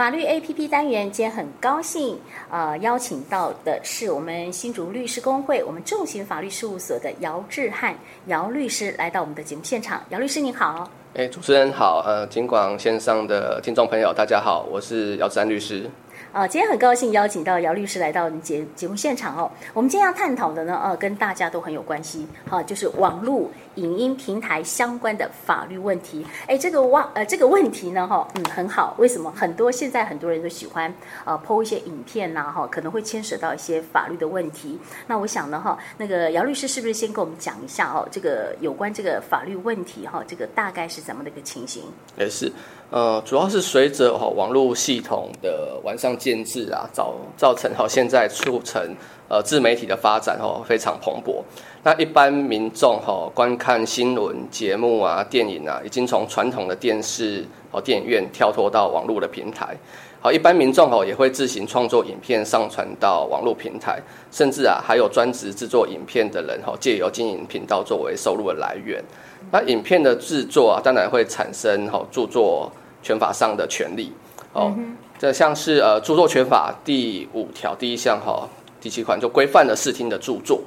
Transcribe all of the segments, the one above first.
法律 A P P 單元，今天很高興，呃，邀請到的是我們新竹律師公會、我們重型法律事務所的姚智翰姚律師來到我們的節目現場。姚律師您好，哎、欸，主持人好，呃，金廣線上的聽眾朋友大家好，我是姚智翰律師。啊，今天很高興邀請到姚律師來到我們節節目現場哦。我們今天要探討的呢，呃、啊，跟大家都很有關係，哈、啊，就是網路影音平台相關的法律問題。哎，這個網，呃，這個問題呢，哈，嗯，很好。為什麼？很多現在很多人都喜歡，呃、啊、，PO 一些影片吶、啊，哈、啊，可能會牽涉到一些法律的問題。那我想呢，哈、啊，那個姚律師是不是先跟我們講一下哦、啊，這個有關這個法律問題，哈、啊，這個大概是怎麼的一個情形？哎、欸，是。呃，主要是隨着、哦、網絡系統的完善建置啊，造造成哈、哦、現在促成呃自媒體的發展哈、哦、非常蓬勃。那一般民眾哈、哦、觀看新聞節目啊、電影啊，已經從傳統的電視和、哦、電影院跳脫到網絡的平台。好，一般民眾哦也會自行創作影片上傳到網絡平台，甚至啊還有專職製作影片的人哦借由經營頻道作為收入的來源。那影片的制作啊當然會產生哦著作權法上的權利哦，這、嗯、哼像是呃著作權法第五條第一項哈第七款就規範了視聽的著作。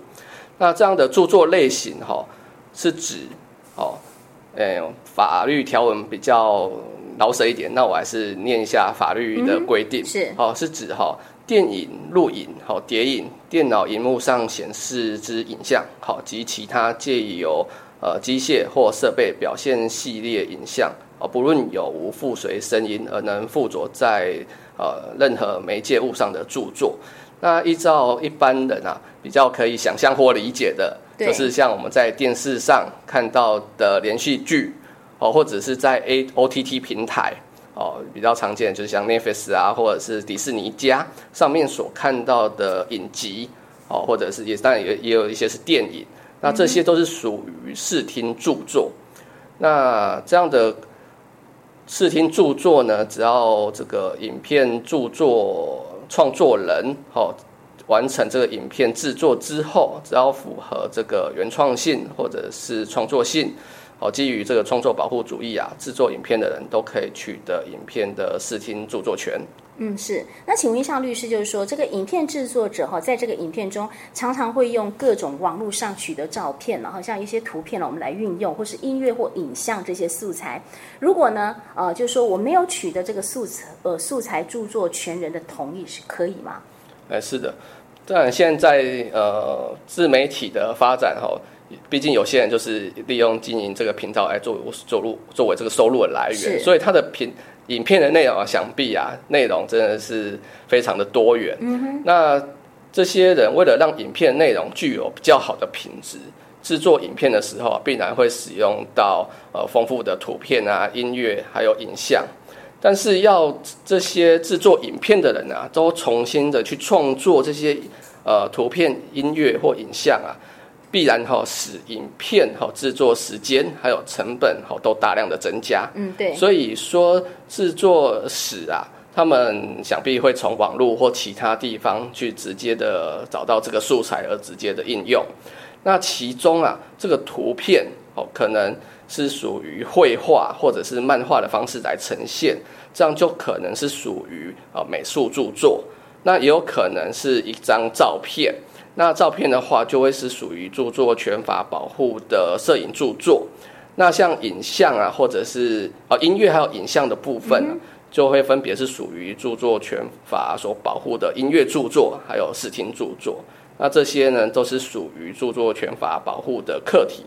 那這樣的著作類型哈是指哦，哎法律條文比較。老實一點，那我還是念一下法律的規定。嗯、是哦，是指哈、哦、電影、錄影、好、哦、碟影、電腦熒幕上顯示之影像，好、哦、及其他借由呃機械或設備表現系列影像、哦，不論有無附隨聲音而能附着在呃任何媒介物上的著作。那依照一般人啊比較可以想象或理解的，對就是像我們在電視上看到的連續劇。哦，或者是在 OTT 平台哦，比較常見就是像 Netflix 啊，或者是迪士尼+上面所看到的影集哦，或者是也當然也也有一些是電影，那這些都是屬於視聽著作。那這樣的視聽著作呢，只要這個影片著作創作人哦，完成這個影片製作之後，只要符合這個原創性或者是創作性。哦，基於這個創作保護主義啊，製作影片的人都可以取得影片的視聽著作權。嗯，是。那請問一下律師，就是說這個影片製作者哈，在這個影片中常常會用各種網絡上取得照片然後，像一些圖片我們來運用，或是音樂或影像這些素材。如果呢，呃，就是說我沒有取得這個素材呃素材著作權人的同意，是可以嗎？哎、欸，是的。但然，現在呃，自媒體的發展哈。畢竟有些人就是利用經營這個頻道來作為、作為、作為這個收入的來源，是所以他的頻影片的內容啊，想必啊內容真的是非常的多元。嗯、哼那這些人為了讓影片內容具有比較好的品質，制作影片的時候啊，必然會使用到呃豐富的圖片啊、音樂還有影像。但是要這些制作影片的人啊，都重新的去創作這些呃圖片、音樂或影像啊，必然哈使影片哈製作時間還有成本哈都大量的增加嗯，嗯對，所以說製作史啊，他們想必會從網絡或其他地方去直接的找到這個素材而直接的應用。那其中啊這個圖片哦可能是屬於繪畫或者是漫畫的方式來呈現，這樣就可能是屬於啊美術著作，那也有可能是一張照片。那照片的話，就會是屬於著作權法保護的攝影著作。那像影像啊，或者是啊、哦、音樂還有影像的部分啊，就會分別是屬於著作權法所保護的音樂著作還有視聽著作。那這些呢，都是屬於著作權法保護的客體。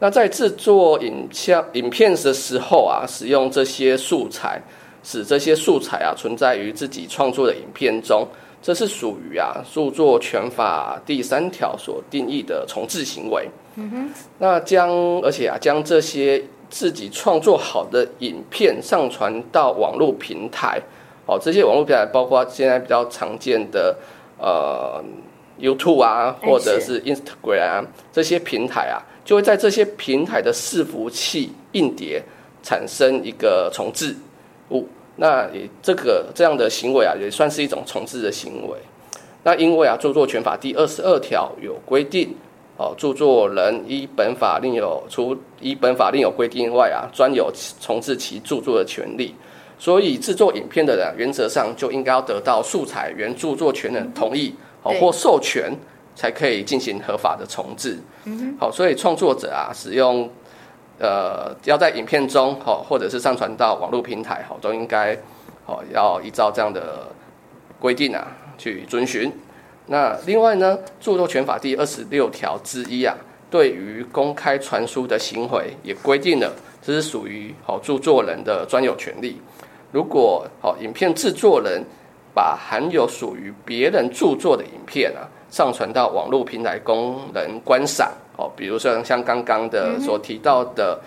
那在制作影像、影片的時候啊，使用這些素材，使這些素材啊存在於自己創作的影片中。這是屬於啊，著作權法第三條所定義的重製行為。嗯哼那將而且啊，將這些自己創作好的影片上傳到網絡平台，哦，這些網絡平台包括現在比較常見的呃 YouTube 啊，嗯、或者是 Instagram 啊，這些平台啊，就會在這些平台的伺服器、硬碟產生一個重製物。那也這個這樣的行為啊，也算是一種重製的行為。那因為啊，著作權法第二十二條有規定，哦，著作人依本法另有除依本法另有規定外啊，專有重製其著作的權利。所以製作影片的人，啊，原則上就應該要得到素材原著作權人的同意，好，哦，或授權，才可以進行合法的重製。嗯哼，好，哦，所以創作者啊，使用。呃，要在影片中好，或者是上傳到網絡平台好，都應該好要依照這樣的規定啊去遵循。那另外呢，著作權法第二十六條之一啊，對於公開傳輸的行為也規定了，這是屬於好著作人的專有權利。如果好、哦、影片製作人把含有屬於別人著作的影片啊。上傳到網絡平台供人觀賞哦，比如說像剛剛的所提到的。嗯、哼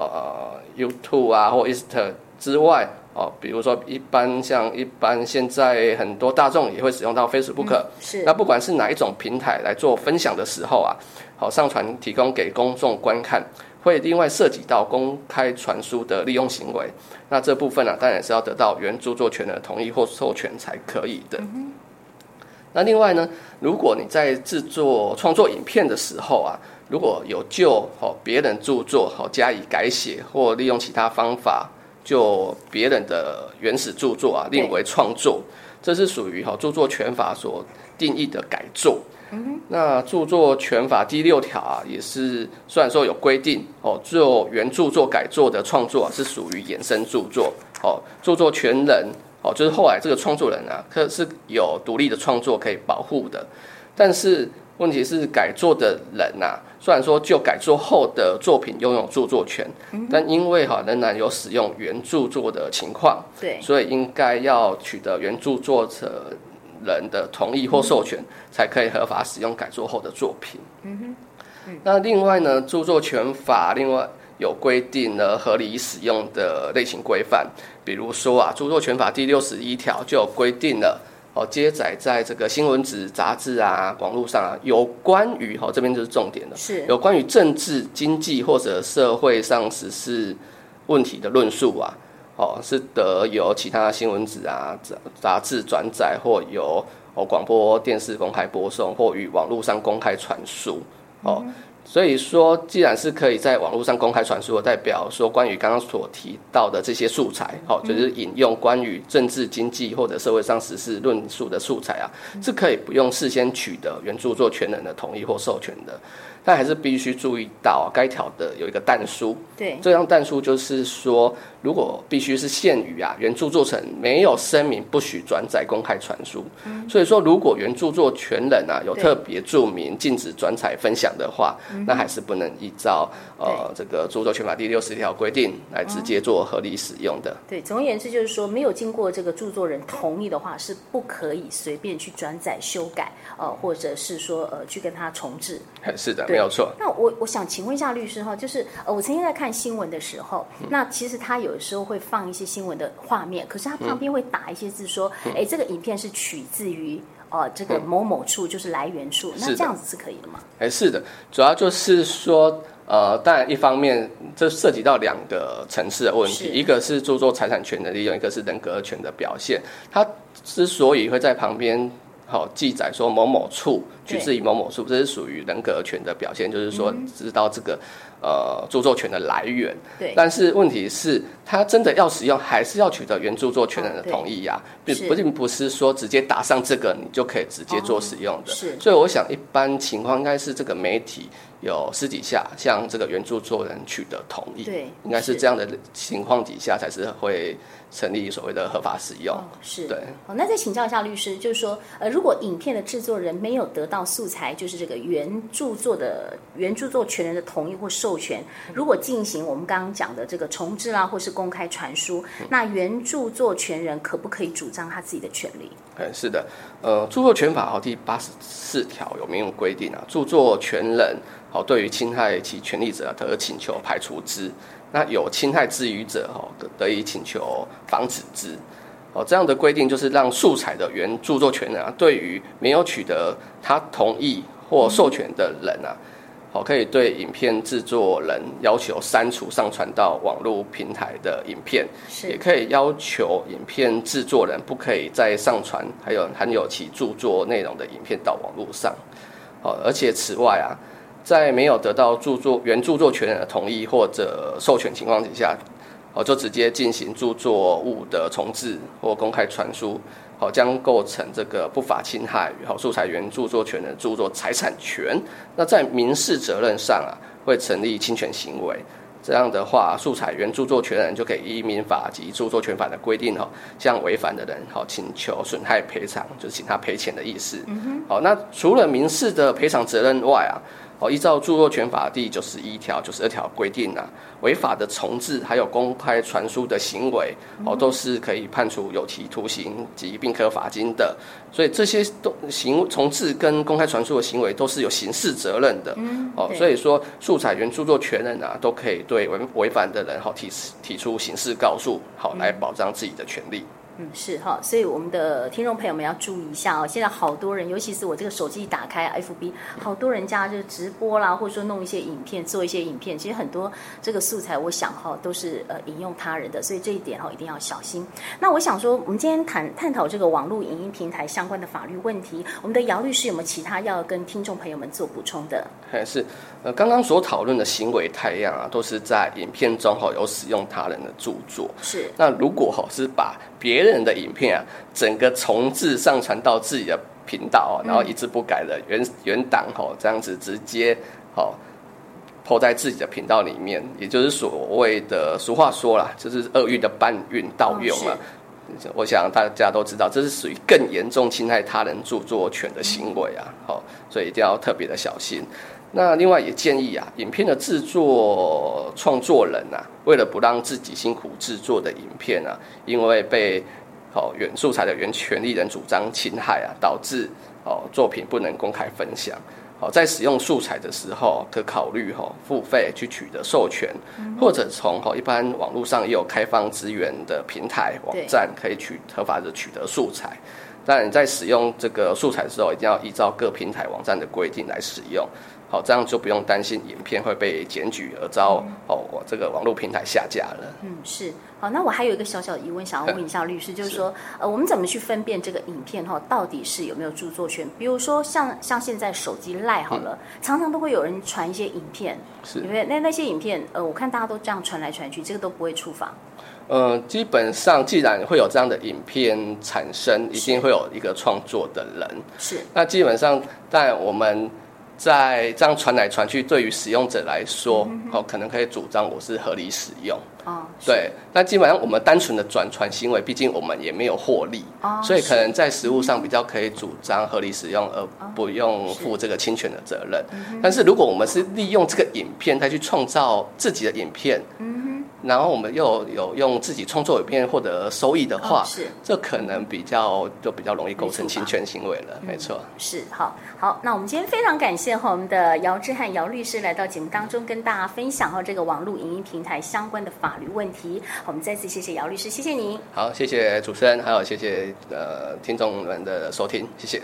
呃，YouTube 啊或 Easter 之外哦，比如說一般像一般現在很多大眾也會使用到 Facebook，、嗯、是那不管是哪一種平台來做分享的時候啊，好、哦、上傳提供給公眾觀看，會另外涉及到公開傳輸的利用行為，那這部分啊，當然是要得到原著作權的同意或授權才可以的。嗯那另外呢，如果你在製作創作影片的時候啊，如果有就哦別人著作哦加以改寫或利用其他方法就別人的原始著作啊，另為創作，這是屬於哦著作權法所定義的改作。那著作權法第六條啊，也是雖然說有規定哦，就原著作改作的創作啊，是屬於衍生著作哦，著作權人。哦，就是後來這個創作人啊，可是有獨立的創作可以保護的，但是問題是改作的人吶、啊，雖然說就改作後的作品擁有著作權，嗯、哼但因為哈、啊、仍然有使用原著作的情況，對，所以應該要取得原著作者人的同意或授權，嗯、哼才可以合法使用改作後的作品。嗯哼，嗯那另外呢，著作權法另外。有規定了合理使用的類型規範，比如說啊，《著作權法》第六十一條就有規定了哦，揭載在這個新聞紙、雜誌啊、網絡上啊，有關於哦這邊就是重點了，是有關於政治、經濟或者社會上時事問題的論述啊，哦是得由其他新聞紙啊、雜雜誌轉載或由哦廣播、電視公開播送或於網絡上公開傳輸哦。嗯所以說，既然是可以在網絡上公開傳輸，代表說關於剛剛所提到的這些素材，哦，就是引用關於政治、經濟或者社會上時事論述的素材啊，是可以不用事先取得原著作權人的同意或授權的。但還是必須注意到該、啊、條的有一個但書，對，這張但書就是說，如果必須是限於啊，原著作成沒有聲明不許轉載公開傳輸，嗯，所以說如果原著作權人啊有特別注明禁止轉載分享的話，嗯、那還是不能依照呃對這個著作權法第六十條規定來直接做合理使用的、嗯。對，總而言之就是說，沒有經過這個著作人同意的話，是不可以隨便去轉載、修改，呃，或者是說呃去跟他重製、嗯、是的。沒有錯。那我我想請問一下律師哈、哦，就是呃，我曾經在看新聞的時候，嗯、那其實他有的時候會放一些新聞的畫面，可是他旁邊會打一些字說，哎、嗯，這個影片是取自於呃這個某某處，就是來源處，嗯、那這樣子是可以的嗎？哎，是的，主要就是說，呃，當然一方面這涉及到兩個層次的問題，的一個是著作財產權的利用，一個是人格權的表現。他之所以會在旁邊。好、哦，記載說某某處，取自於某某處，對這是屬於人格權的表現，就是說知道這個。嗯嗯呃，著作權的來源，對，但是問題是，他真的要使用，還是要取得原著作權人的同意呀、啊？並不、哦、並不是說直接打上這個，你就可以直接做使用的。是、哦，所以我想，一般情況應該是這個媒體有私底下向這個原著作人取得同意，對，應該是這樣的情況底下才是會成立所謂的合法使用。哦、是，對。好、哦，那再請教一下律師，就是說，呃，如果影片的製作人沒有得到素材，就是這個原著作的原著作權人的同意或受。授權，如果進行我們剛剛講的這個重製啊，或是公開傳輸，那原著作權人可不可以主張他自己的權利？嗯，是的，呃，著作權法第八十四條有沒有規定啊，著作權人好、哦、對於侵害其權利者、啊，得請求排除之；那有侵害之虞者，哦得得以請求防止之。哦，這樣的規定就是讓素材的原著作權人啊，對於沒有取得他同意或授權的人啊。嗯好、哦，可以對影片製作人要求刪除上傳到網絡平台的影片，是也可以要求影片製作人不可以再上傳還有含有其著作內容的影片到網絡上。好、哦，而且此外啊，在沒有得到著作原著作權人的同意或者授權情況底下。哦、就直接進行著作物的重製或公開傳輸，好、哦，將構成這個不法侵害，好、哦，素材原著作權的人著作財產權。那在民事責任上啊，會成立侵權行為。這樣的話，素材原著作權人就可以依民法及著作權法的規定，哈、哦，向違反的人，好、哦，請求損害賠償，就是請他賠錢的意思。嗯好哼、哦，那除了民事的賠償責任外啊。哦、依照著作權法第九十一條、九十二條規定啊，違法的重製還有公開傳輸的行為，哦，都是可以判處有期徒刑及併科罰金的。所以這些都行重製跟公開傳輸的行為都是有刑事責任的。嗯，哦，所以說素材原著作權人啊，都可以對違違反的人好、哦、提提出刑事告訴，好、哦、來保障自己的權利。嗯，是哈，所以我們的聽眾朋友們要注意一下哦。現在好多人，尤其是我這個手機一打開 FB，好多人家就直播啦，或者說弄一些影片，做一些影片。其實很多這個素材，我想哈，都是呃引用他人的，所以這一點哈一定要小心。那我想說，我們今天談探討這個網絡影音平台相關的法律問題，我們的姚律師有沒有其他要跟聽眾朋友們做補充的？還是，呃，剛剛所討論的行為態樣啊，都是在影片中哈有使用他人的著作。是，那如果哈是把別別人的影片啊，整個重製上傳到自己的頻道啊，然後一字不改的原原檔吼，這樣子直接吼，PO 在自己的頻道裡面，也就是所謂的俗話說啦，就是厄運的搬運盜用啊。哦，我想大家都知道，這是屬於更嚴重侵害他人著作權的行為啊！嗯，所以一定要特別的小心。那另外也建議啊，影片的製作創作人吶、啊，為了不讓自己辛苦製作的影片啊，因為被哦原素材的原權利人主張侵害啊，導致哦作品不能公開分享，哦、在使用素材的時候可考慮哈、哦、付費去取得授權，mm hmm. 或者從哈、哦、一般網絡上也有開放資源的平台網站可以取對合法的取得素材。但你在使用這個素材的時候，一定要依照各平台網站的規定來使用，好、哦，這樣就不用擔心影片會被檢舉而遭、嗯、哦，我這個網絡平台下架了。嗯，是，好，那我還有一個小小的疑問，想要問一下律師，嗯、律師就是說，是呃，我們怎麼去分辨這個影片哈，到底是有沒有著作權？比如說像像現在手機賴好了，嗯、常常都會有人傳一些影片，因為是那那些影片，呃，我看大家都這樣傳來傳去，這個都不會觸法。呃、嗯，基本上既然會有這樣的影片產生，是一定會有一個創作的人。是。那基本上，但我們在這樣傳來傳去，對於使用者來說，嗯、哼哦，可能可以主張我是合理使用。哦。對。那基本上，我們單純的轉傳行為，畢竟我們也沒有獲利，哦、所以可能在實務上比較可以主張合理使用，而不用負這個侵權的責任。嗯、哼但是，如果我們是利用這個影片來去創造自己的影片，嗯。然後我們又有用自己創作影片獲得收益的話，哦、是，這可能比較就比較容易構成侵權行為了，沒錯，嗯、沒錯。是，好好，那我們今天非常感謝我們的姚智翰姚律師來到節目當中跟大家分享和這個網絡影音平台相關的法律問題。我們再次謝謝姚律師，謝謝您。好，謝謝主持人，還有謝謝呃聽眾們的收聽，謝謝。